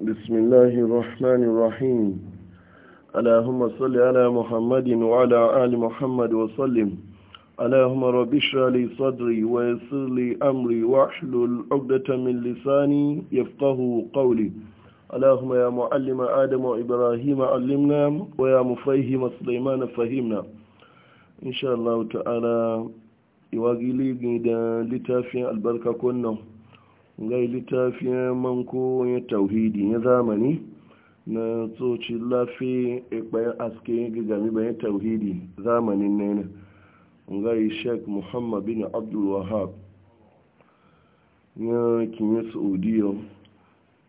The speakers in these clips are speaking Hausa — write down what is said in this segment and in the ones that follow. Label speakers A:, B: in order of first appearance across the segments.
A: بسم الله الرحمن الرحيم اللهم صل على محمد وعلى آل محمد وسلم اللهم رب اشرح لي صدري ويسر لي أمري واحلل عقدة من لساني يفقه قولي اللهم يا معلم آدم وإبراهيم علمنا ويا مفهم سليمان فهمنا إن شاء الله تعالى يواجه لي لتافي البركة كنه gai littafin manko ya tauhidi ya zamani na tsoci lafi ikpayin aske gigami bayan tauhidi zamanin nena gai sheik muhammad bin abdul wahab ya kinye saudiya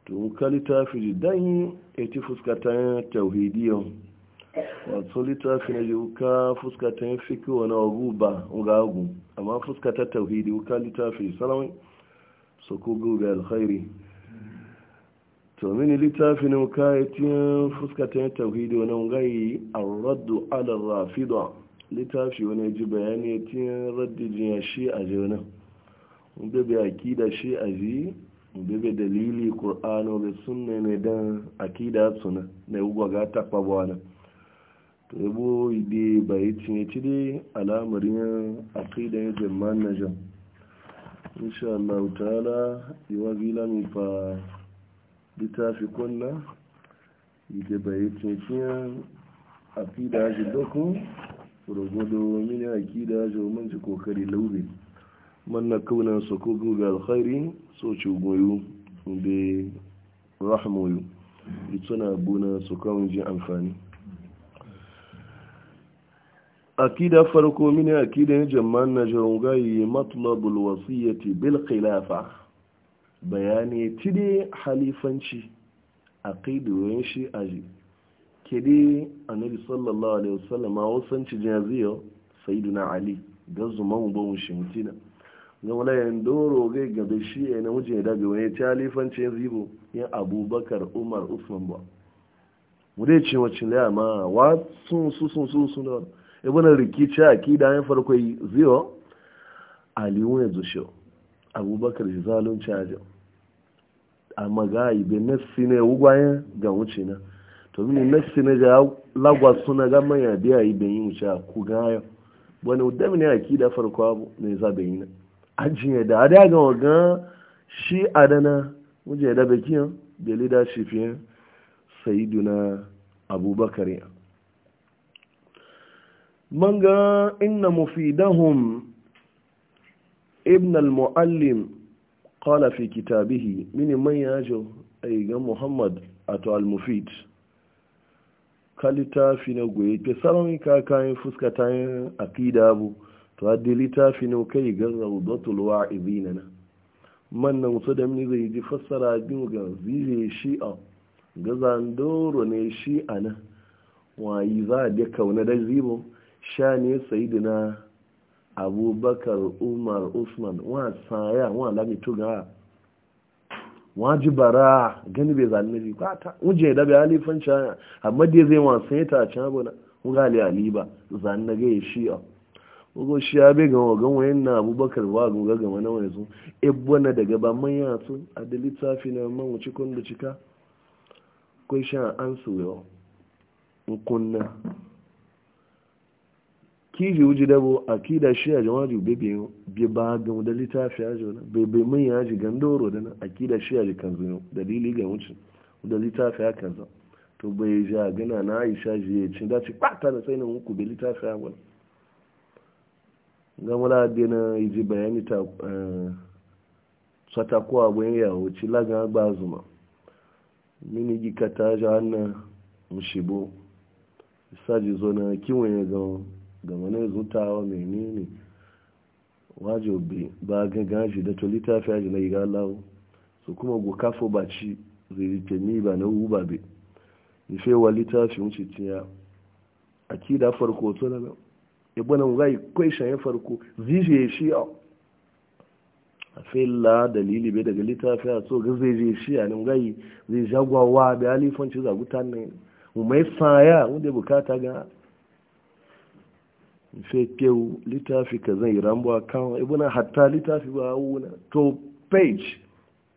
A: to ka littafi jidan ya ti fuskatan tauhidiya wato littafi na jiwuka fuskatan fiki wani abu ba ga agu amma fuskata tauhidi wuka littafi salamai su kugu ga alkhairi to mini littafin kayatin fuskatan tauhidi wani gai arraddu ala rafida littafi wani ji bayani tin raddijin ya shi a da bebe akida shi a ji bebe dalili qur'ano da sunne ne dan akida suna na yugo ga takwa bwana to yabo ide bayi tin ci dai alamarin akida ya jama'an najam insha Allah ta'ala iwa gila mi fa littafi kunna ike bai cikin da ji dokun rogodo mini akida ji mun ji kokari laube man na kauna su ko guga alkhairi so ci goyo da rahmoyu ituna abu su kawun ji amfani akida farko mini akidan jama'an na jaungayi matlabul wasiyyati bil khilafa bayani tide halifanci aqidoyin shi aji kede annabi sallallahu alaihi wasallam a wasanci jaziyo sayyiduna ali ga zuman bawun shi mutina ga walayen doro gai gabe shi ne wuce da ga wani talifancin zibo ya abubakar umar usman ba mu dai ce wacin laya ma wa sun su sun su sun da ibn rikici akida ya farko ziyo ali wani zushe abubakar shi zalun cajo amma ga ibe nassi ne wugwaye ga wuce na to mini nassi ne ga lagwa suna ga manya biya ibe yin wuce ku ga wani udami ne akida farko abu ne za bai yi na ajiye da ada ga wagan shi adana wuje da bakiyan da leadership yin sayiduna abubakar manga inna mufidahum ibn al-muallim qala fi kitabihi mini man yajo ay ga muhammad ato al-mufid kalita fi na goye ke salon ka kayan fuska ta yin akida bu to litafi na kai ga rawdatul wa'ibina na man nan su da mini zai ji fassara biyu ga zire shi'a ga zandoro ne shi'a na wayi za a da kauna da shani sayidina abubakar umar usman wọn sanya wọn lamito ga wọn ji bara gani bai zalina bi kwata wuje yadda bai halifan cana amma dai zai wọn sanya ta can abu na wọn gali aliba ba na gaya shi a wugo shi ya bai gama wagan wayan na abubakar ba guga gama na wani sun ebbo na daga ba manya sun a da littafi na man wuce kun da cika kwai shan an su yau kunna kiji wuji dabo a kida shi a jama'a ju bebe bi ba ga mu da littafi a jona bebe mun ya ji gandoro da nan a kida shi a jikan kanzu dalili ga wucin da littafi a kanzu to bai ji a gina na aisha ji ya ci dace kwata da sai na uku bai littafi a wani ga mula da na ji bayani ta eh, sata ko abun ya wuce laga ba zuma mini gikata ja annan mushibo saji zo na kiwon ya zama. game na zutawa menene wajobi ba gangan shi da to littafi aji na iga lawo su kuma gukafo kafo ba ci zai ni ba na uba be ife wa littafi wuce tiya akida farko to na ibana e ngai kai shan farko zije shi a filla dalili bai daga littafi a so ga zai je shi a nan gai zai jagwawa bai alifanci zagutan ne mu mai saya wanda bukata ga fekewu littafi ka zai rambuwa kan ibuna hatta littafi ba wuna to page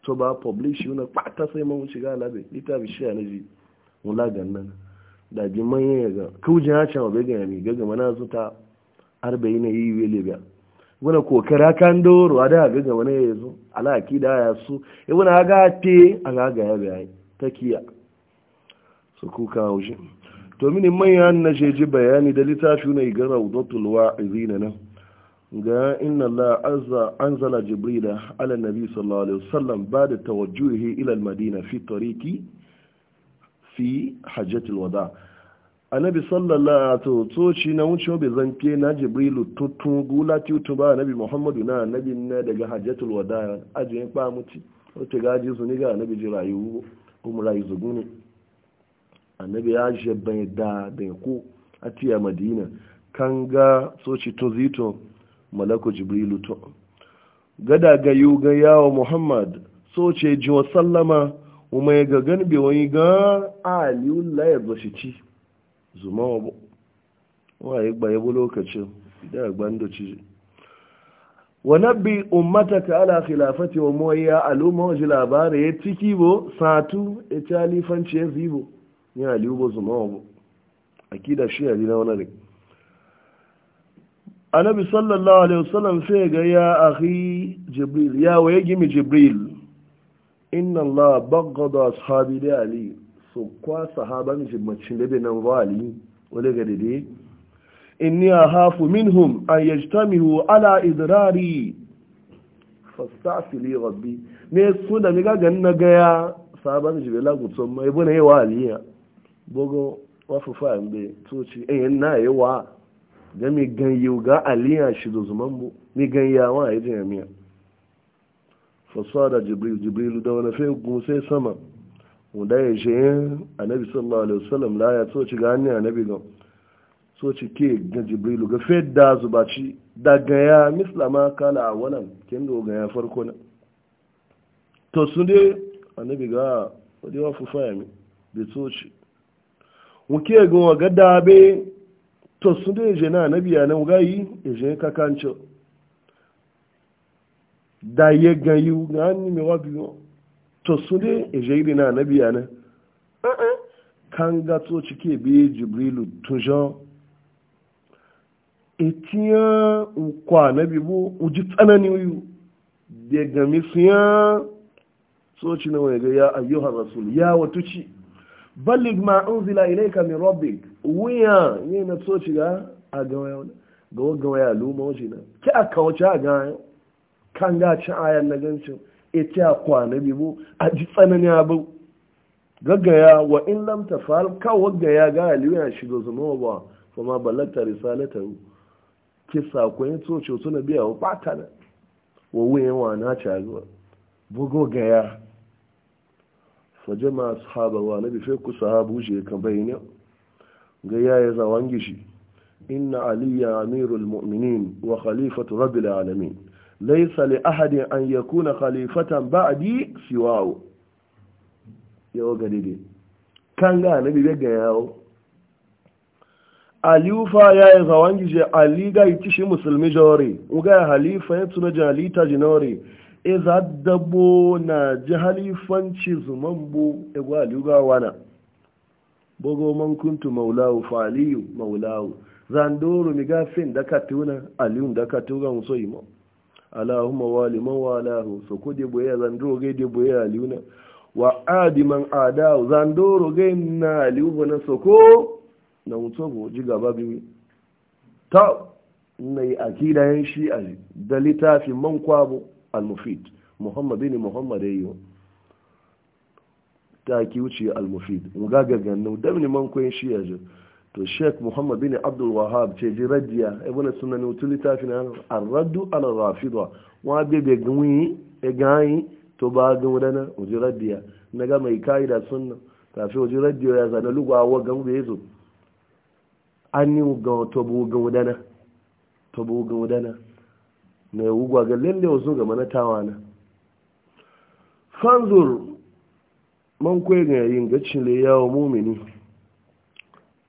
A: to ba publish wuna kwata sai mun shiga labe littafi shi na ji mula gannan da ji manyan ya ga kaujin hacin wa bai gani gaga mana zuta arba'in na yi wele biya wuna kokara kan doro a da gaga wani ya zo alaki da ya su ibuna e aga te a gaga ya biya ta kiya su kuka haushin to mini manyan na sheji bayani da littafi na igar raudatul wa'izina nan ga inna la azza anzala jibrila ala nabi sallallahu alaihi wasallam ba'da tawajjuhi ila al-madina fi tariqi fi hajjati al-wada annabi sallallahu alaihi wasallam to ci na wuce be zanke na jibrilu tutun gula tutu ba nabi muhammadu na nabi na daga hajjatul wada ajiyin ba muti to gaji su ni ga annabi ji kuma rayu zuguni annabi ya jabban bai da ku a tiya madina kan ga soci to zito malako jibrilu to gada ga yu ga yawo muhammad soce ji wa sallama kuma ya ga ganbe wani ga aliyullah ya zo shi ci zuma wa wa ya gba bu lokacin da gbando ci wa nabbi ka ala khilafati wa moya aluma wa labari ya ciki bo satu ya alifanci ya zibo ni aliubo zumawo akida shi ali na wani annabi sallallahu alaihi wasallam sai ga ya akhi jibril ya waye gimi jibril inna allah baghada ashabi da ali so kwa sahaba mi jimacin da nan wali wale ga dede inni ahafu minhum an yajtamihu ala idrari fasta'fili rabbi ne suna mi ga ganna ga ya sahaba mi jibela gutsun mai bune ya bogo wafufa mbe toci eh na yawa da mi ganyu ga aliyan shi da zuman bu mi wa ya je miya fasada jibril jibril da wani fe gun sai sama wanda ya je anabi sallallahu alaihi wasallam la ya toci ga annabi anabi ga toci ke ga jibril ga fe da zubaci daga ya mislama kala awalan kin do ga ya farko na to sun dai annabi ga wadi wafufa ya mi da wuke ga waga dabe to su da yaje na anabi ya nan gayi yaje ka kancho da ye gayu na ni me wa biyo to su da yaje ri na anabi ya nan eh, eh. kan ga to cike bi jibrilu tunjo etiya nkwa anabi bu uji tsanani yu daga misiya so ci na wani ga ya ayyuhar rasul ya watuci ballig ma unzila ilayka min rabbik wiya ne na so shiga a gawa ga wagga waya luma waje na ki a kawace a gawa kan ga ci e ayan na ganci e ci a kwana bibu a ji tsanani abu gaggaya wa in lam tafal ka wagga ya ga aliyu ya shiga zuma ba kuma balagta risalata ki sakon ya so ce suna biya wa bata na wa wuyan wa na ci a gawa bugo gaya fajama sahabawa na bife ku sahabu shi kan bayyana ga yaya zawon gishi inna aliya amirul mu'minin wa khalifatu rabbil alamin laysa li ahadin an yakuna khalifatan ba'di siwahu yawo ga dide kan ga nabi be ga yawo Ufa ya yi zawon gishi ali ga yi kishi musulmi jori. uga halifa ya tuna jalita jinori iza dabo na ji halifanci zuman bu igwa aliyuwa wana bugo man kuntu maulawu fa aliyu maulawu zandoro mi gafin da ka tuna aliyun da ka tuga muso imo allahumma wali man walahu so ko de boye zandoro ge de boye aliyuna wa adi man adau zandoro ge na aliyu bana so ko na muso go ji gaba bi ta nai akida yan shi ali da fi man kwabo al-mufid muhammad ne muhammad yayo ta ki wuce al-mufid mu ga gagannu da ne man koyin shi yaje to sheikh muhammad bin abdul wahab ce ji radiya ibn e sunan utilita fi na ar-raddu ala rafida wa be be gwi e gani to ba ga wadana uji radiya naga mai kaida sunna kafi ji radiya ya zana lugwa wa gan be yazo an ni ga to bu ga wadana to bu ga wadana na wugwa ga lalle wasu ga manatawa na fanzur man kwai ga yin gacin le yawo mumini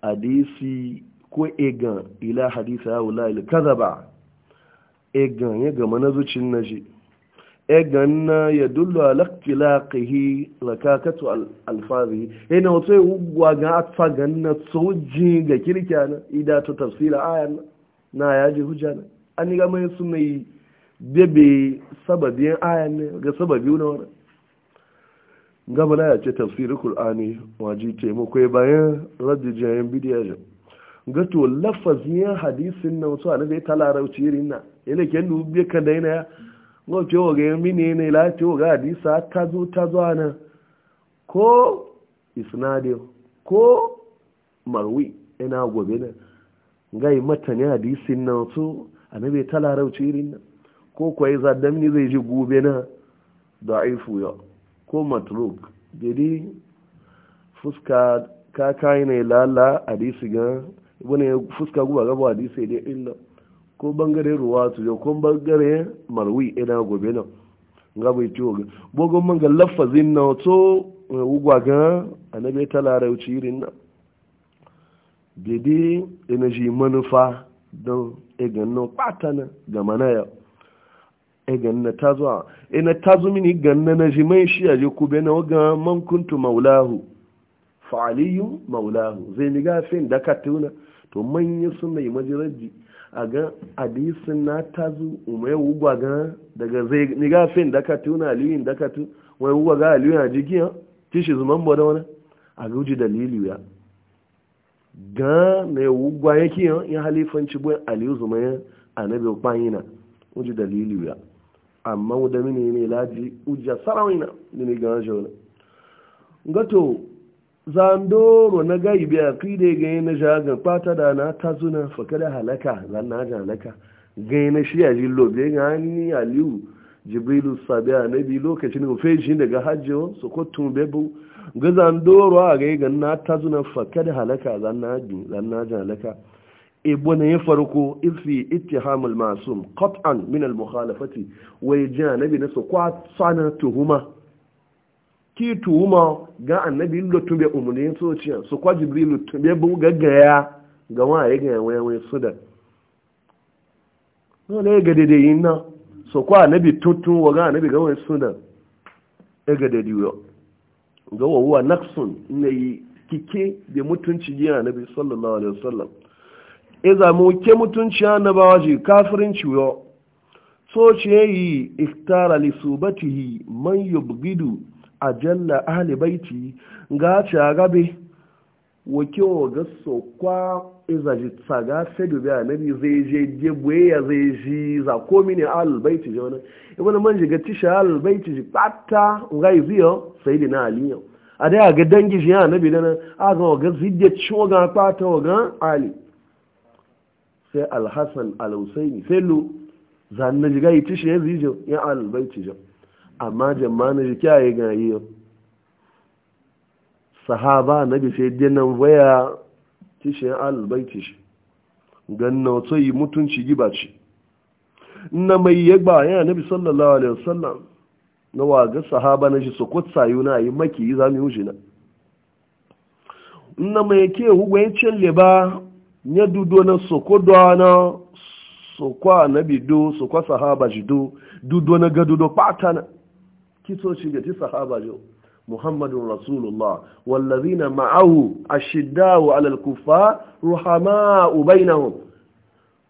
A: hadisi ko egan ila hadisa ya wula ila kaza ba egan ya gama na zucin na shi egan na ya dullu alaƙila ƙihi rakakatu alfazi e na wato ya wugwa ga atfa na sojin ga kirkiya na idata tafsira ayan na yaji hujja na an yi gama yin suna yi bebe sababin ayan ne ga sababi na wani gaba na yace tafsirin kur'ani waji taimako bayan radijin yan bidiyar jam gato to lafazin hadisin na wasu annabi ta larauci irin na yana ken du be kan dai na go ce wa ga mini ne la ce ga hadisa ta zo ta zo ana ko isnadi ko marwi ina gobe na gai mata ne hadisin na wasu annabi ta larauci irin na ko kwaye zadam ni zai ji gube na da'ifu ya ko matruk jadi fuska ka na ne lala hadisi ga wani fuska guba gaba hadisi ne illa ko bangare su ya ko bangare marwi ina gobe na nga bai ciwo ga bogon man ga lafazin na to eh, ugwa ga annabi ta wuce irin na jadi ina ji manufa don egan eh, na gama ga yau. E ganna ta zuwa ina e ta zo mini ganna na shi mai shi aje ku bai na waga man kuntu maulahu fa aliyu maulahu zai ni gafin da ka tuna to manyan suna yi majiraji a ga hadisin na ta zo umai wugwa ga daga zai ni gafin da ka tuna aliyu da ka tuna wai wugwa ga aliyu a jikin tishi zuman bo da wani a ga uji dalilu ya ga na wugwa yake yan halifanci bai aliyu zuman annabi kwanyina uji dalili ya amma da mini ne laji ujja sarawina da ne gana shauna gato zandoro na gai biya kai da gani na shagan kwata da na ta zuna faka da halaka zan na ja halaka gani na shi a jillo bai gani aliyu jibrilu a na bi lokacin ofe shi daga hajjiyo su kotun bebu ga zandoro a gai gani na ta zuna faka da halaka zan na ja halaka ibona ya farko ifi ittihamul masum qat'an min al mukhalafati Wa janabi nasu na tuhuma ki tuhuma ga annabi lutun be umulin sociya su kwa jibril lutun bu gaggaya ga waye ga waye waye su da no ne ga dede yinna su kwa annabi tutu wa ga annabi ga waye su da ga dede yo ga wa huwa naqsun ne kike da mutunci ji annabi sallallahu alaihi wasallam iza mu ke mutunci annabawa ji kafirin ciwo so ce yi iktara li subatihi man yubgidu ajalla ahli baiti ga ta gabe wa ga sokwa ji tsaga fedu biya nabi zai je gebwe ya zai ji za komi ne albaiti je wani ibana man ji ga tisha albaiti ji pata nga iziyo sai di na aliyu a dai ga dangi ji ya nabi dana a ga ga zidya ciwo ga kpata wa ga ali sai alhassan alhussaini sai lu zan na jiga yi shi ya zijo ya albaiti jo amma jama na jiki a yi gari yau sahaba na bi sai dinan waya ti shi ya albaiti shi ganna wato yi mutunci giba ce na mai yagba ya nabi sallallahu alaihi wasallam na waga sahaba na shi su kutsa yi na yi maki yi zami wuce na na mai ke hugwayen cin leba nye dudu na soko na soko anabi do soko sahaba ji do Dudu na ga dudo patana kito shi ga ti sahaba jo muhammadun rasulullah wallazina ma'ahu ashiddau ala al-kuffar ruhamau bainahum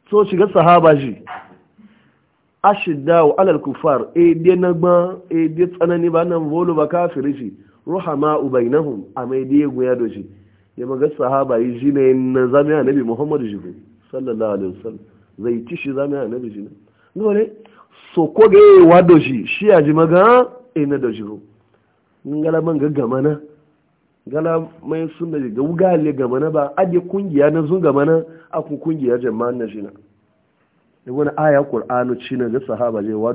A: so shi ga sahaba ji ashiddau ala al-kuffar e de nagba e de tsanani ba nan volo ba kafiri ji ruhamau bainahum amai e de guya do shi ya maga sahaba yi shi ne na zami annabi muhammadu jibe sallallahu alaihi wasallam zai ci shi zami annabi shi ne dole so ko ga wa do shi ya ji maga ina eh, do shi ko ngala man ga gamana gala mai da ga wugale gamana ba ade kungiya na zun gamana akun kungiya jama'an na shi na wani aya qur'anu ci na ga sahaba wa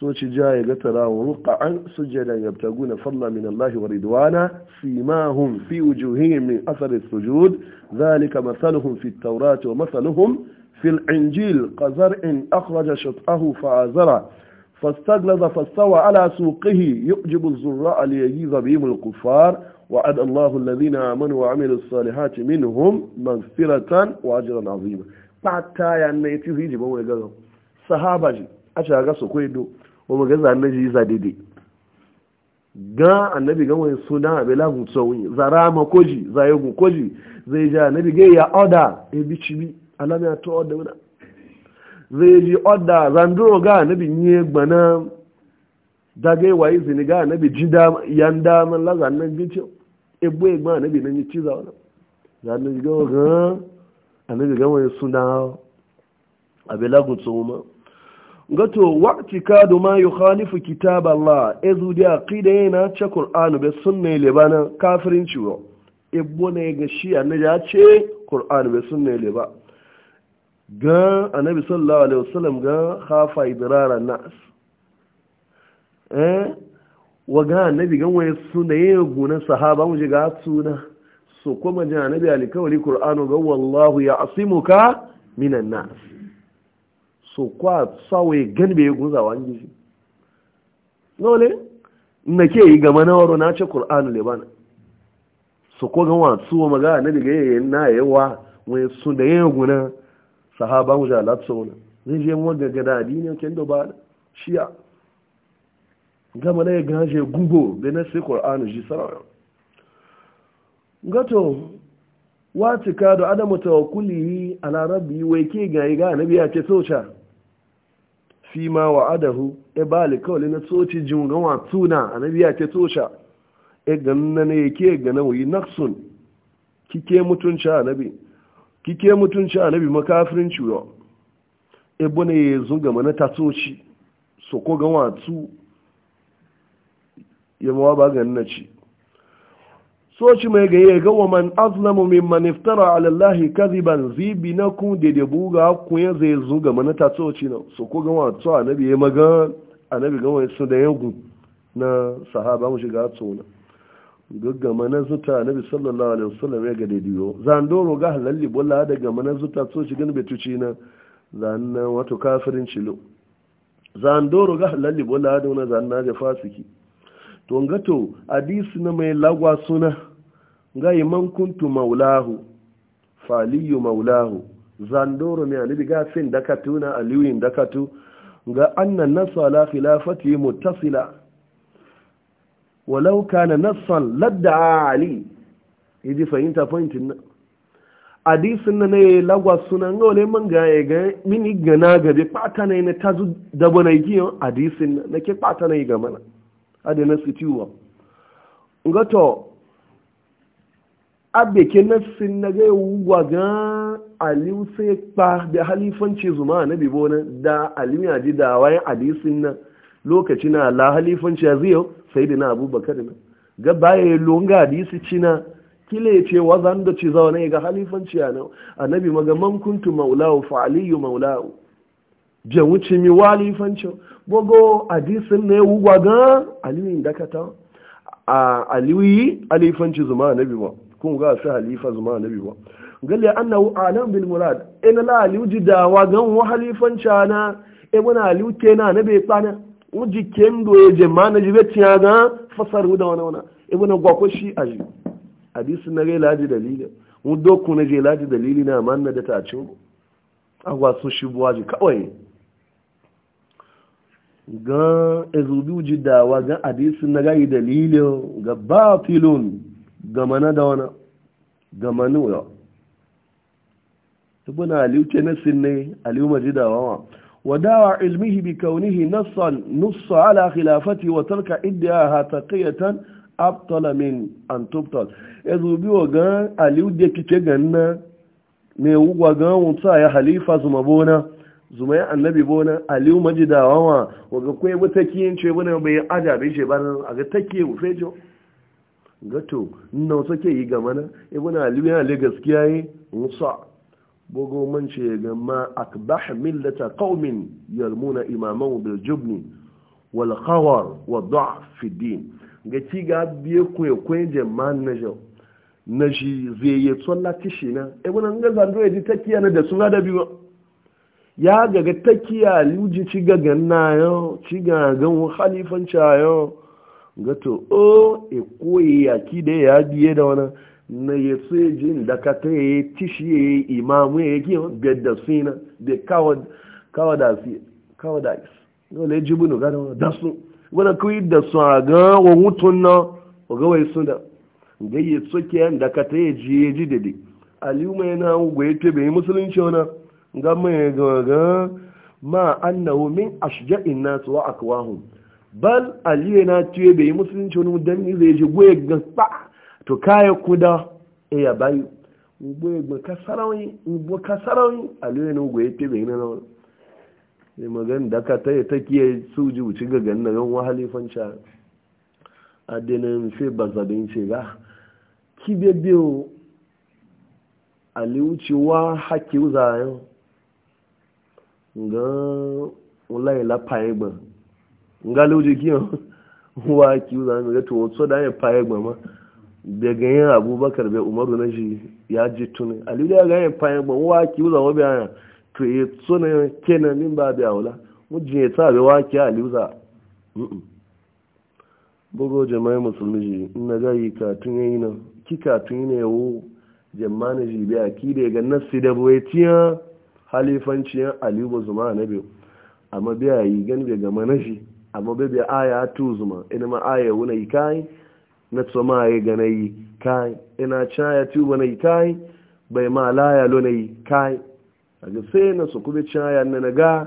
A: so ci ja ya ga tarawun ruka an su jada ya ta guna falla min Allah wa ridwana fi ma hum fi wujuhihim min athar as-sujud zalika mathaluhum fi at-taurat wa mathaluhum fi al-injil qazar in akhraja shatahu fa azara fastaglaza ala sukihi yujibu az-zurra li yajiza wa ada Allah alladhina amanu wa amilu as-salihati minhum maghfiratan wa ajran azima patta ya ne tihi jibo we ga sahabaji a ci a ga su kwaido kuma ga zane shi za daidai ga annabi ga wani suna a bela gutsuwa wuni za rama koji za yi gun koji zai ja annabi ga ya oda ya bi cibi alama ya to oda wuna zai ji oda zanduro ga annabi nye gbana daga yi wayi zini ga annabi ji yan daman la bi gicin ebo egba annabi nan yi ciza wani zanen ga wani annabi ga wani suna a bela gutsuwa gato waqti kado ma khalifu kitab Allah ezu di aqida yana ce Qur'anu be sunna lebana kafirin ciwo ebbo ne ga shi annabi ya ce Qur'anu be sunna leba ga annabi sallallahu alaihi wasallam ga khafa idrara nas eh wa ga annabi ga waye sunna yin guna sahaba mu ga sunna so kuma ji annabi alikawli Qur'anu ga wallahu ya asimuka minan nas so kwa ya ganbe ya gunza wa ngiji nole na ke yi gama na waro na ce ne lebanon so ko gan watsu wa maza na daga yayi na yawa wani sun da yayin guna sahaba mu jala na. zai je mu ga gada dadi kendo ba do ba shiya gama na ya gaje gugo da na sai qur'anu ji sarawa gato wa ka do adamu tawakkulihi ala rabbi wai ke ga ga nabi ya ce socha fi ma wa adahu e ba kawai na tsoci jingan wa a na biya ce tsoca e ganna ne yake e gana wuyi naksun kike mutunci annabi kike mutunci annabi makafirin ciwo e bune ya zunga mana ta tsoci so ko gan wa tu yamawa ba ganna ci soci mai ya ga wa man azlamu mimman iftara ala allahi kadhiban zibi na ku de de buga ku ya zai zuga mana ta soci na so ko gama wa to annabi ya maga annabi ga wa su da yagu na sahaba mu shiga tsona gagga mana zuta annabi sallallahu alaihi wasallam ya ga de diyo zandoro ga halalli bolla daga mana zuta soci gan betuci na zanna wato kafirin cilo zandoro ga halalli bolla da wani zanna ja fasiki to ngato hadisi na mai lagwa suna ngai man kuntu maulahu faliyu maulahu zandoro Ali alibi gafin dakatu na aliwin dakatu ga anna nasu ala khilafati muttasila walau kana nassan ladda ali idi fahimta point na hadisin na ne lagwa suna ngole man ga ya e ga mini gana gabe kwata na ne tazu dabo na igiyon hadisin na ke pata na yi ga mana adina na situwa ngato abeke Nassin na ga yawuwa ga aliyu sai kpa da halifanci zuma na bibo na da aliyu ya ji dawaye hadisin na lokaci na la halifanci ya ziyo sai da na abubakar na ga baya longa hadisi cina kila ya ce za da ci zaune ga halifanci ya na annabi maga man kuntu maulawu fa aliyu maulawu jan wuce mi halifanci gogo hadisin na yawuwa ga aliyu da ka ta a aliyu halifanci zuma na bibo kun ga su halifa zuma na ba gali annahu alam bil murad in la aliuji dawa gan wa halifan chana e bana aliu kena na be pana uji kendo e je mana jibe tiya ga fasaru da wana wana e bana gwa ko shi aji hadisi na ga ji dalili mu doku na je laji dalili na manna da ta cin agwa su shi buwaji kawai ga ezubi uji dawa ga hadisi na gaila dalili ga batilun gamana da wani gamanu ya tu buna aliyuke nasin ne aliyu maji da wawa wadawa ilmihi bi kaunihi nassan nussa ala khilafati wa tarka iddiya ha taqiyatan abtala min an tubtal ezu bi wa ga aliyu de kike ganna ne wugwa ga won sa ya halifa zuma bona zuma ya annabi bona aliyu maji da wawa wa ga kwai mutaki yin ce bana bai ajabe shi bana a ga take mu fejo gato nna wasu ke yi gama na ibn aliyu yana gaskiya yi musa bugu man ce ga ma akbah millata qaumin yarmuna imaman bil jubni wal khawar wa dha'f fi din ga ci ga biye ku ya ku na jo na shi zai yi tsalla tishi na ibn an ga zando ya ji takiya na da suna da biyu ya ga ga takiya luji ci ga ganna yo ci ga gan khalifanci yo gato o e koyi e e e ya ki da ya biye da wani na ya tsaye jin da ka ta ya tishi ya yi imamu ya yi biyar da suna na kawo da fi kawo da is dole ji bunu gada wani da su wani kawai da su a ga wa mutum na wa ga wai su da ga ya tsoke yan da ka ta ya ji ya ji da di aliyu mai na ugwa ya tebe yi musulunci wani ga mai ga ma annahu min ashja'in nasu wa akwahum bal aliyu na tuye bai yi musulunci wani mudanni zai ji goye gaba to kaya kuda e ya bayu goye gba kasarawai ugbo kasarawai aliyu na goye te bai na wani ne magana da ka ta yi ta kiyaye su ji wuce ga ganin na yan wahalifan ca adinin sai bazabin ce ga ki be biyo wuce wa haƙƙi zayen ga wula ya lafa ngalu jikin wa ki za mu ga to so da ya faye abubakar be umaru na shi ya ji tuni aliyu ga ya ganyen faye gbama wa ki to ya e, tsuna kenan min ba da wala mujin ya sa bai wa ki aliyu za bugo jama'i musulmi ji in na ga yi katun yayi nan ki katun yi ne wo na amma yi gani bai gama na shi amma bebe aya tu zuma ina ma aya wuna yi kai na tso ma ya gana yi kai ina caya ya tu wuna yi kai bai ma laya lo na yi kai a ga sai na su kube caya na naga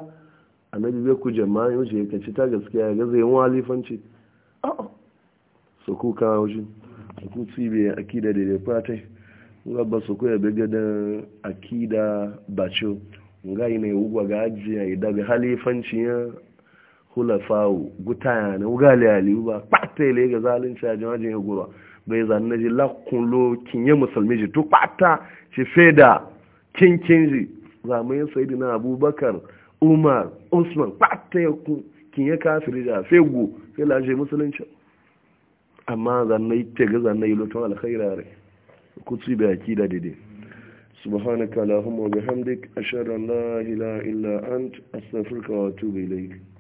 A: a na bai ku jama yau ce ka ta gaskiya ga zai yi walifanci a'a oh, oh. su ku ka haushi su ku akida da da fatai nga ba su koya bai gadan akida bacho nga yi na yi wugwa ga ajiya ya dabi halifanci ya hulafawu gutaya ne ugali aliyu ba kpata ile ga zalunci a jimajin ya gura bai zanna na ji lakun lo kinye musulmi ji duk kpata ci feda kinkin ji zamayin sayidu na abubakar umar usman kpata ya kun kinye kafiri da fego sai laje musulunci amma zan na yi tega zan na yi lokacin alkhaira ku kutu bai aki da daidai wa bihamdik ashhadu an la ilaha illa ant astaghfiruka wa atubu ilayk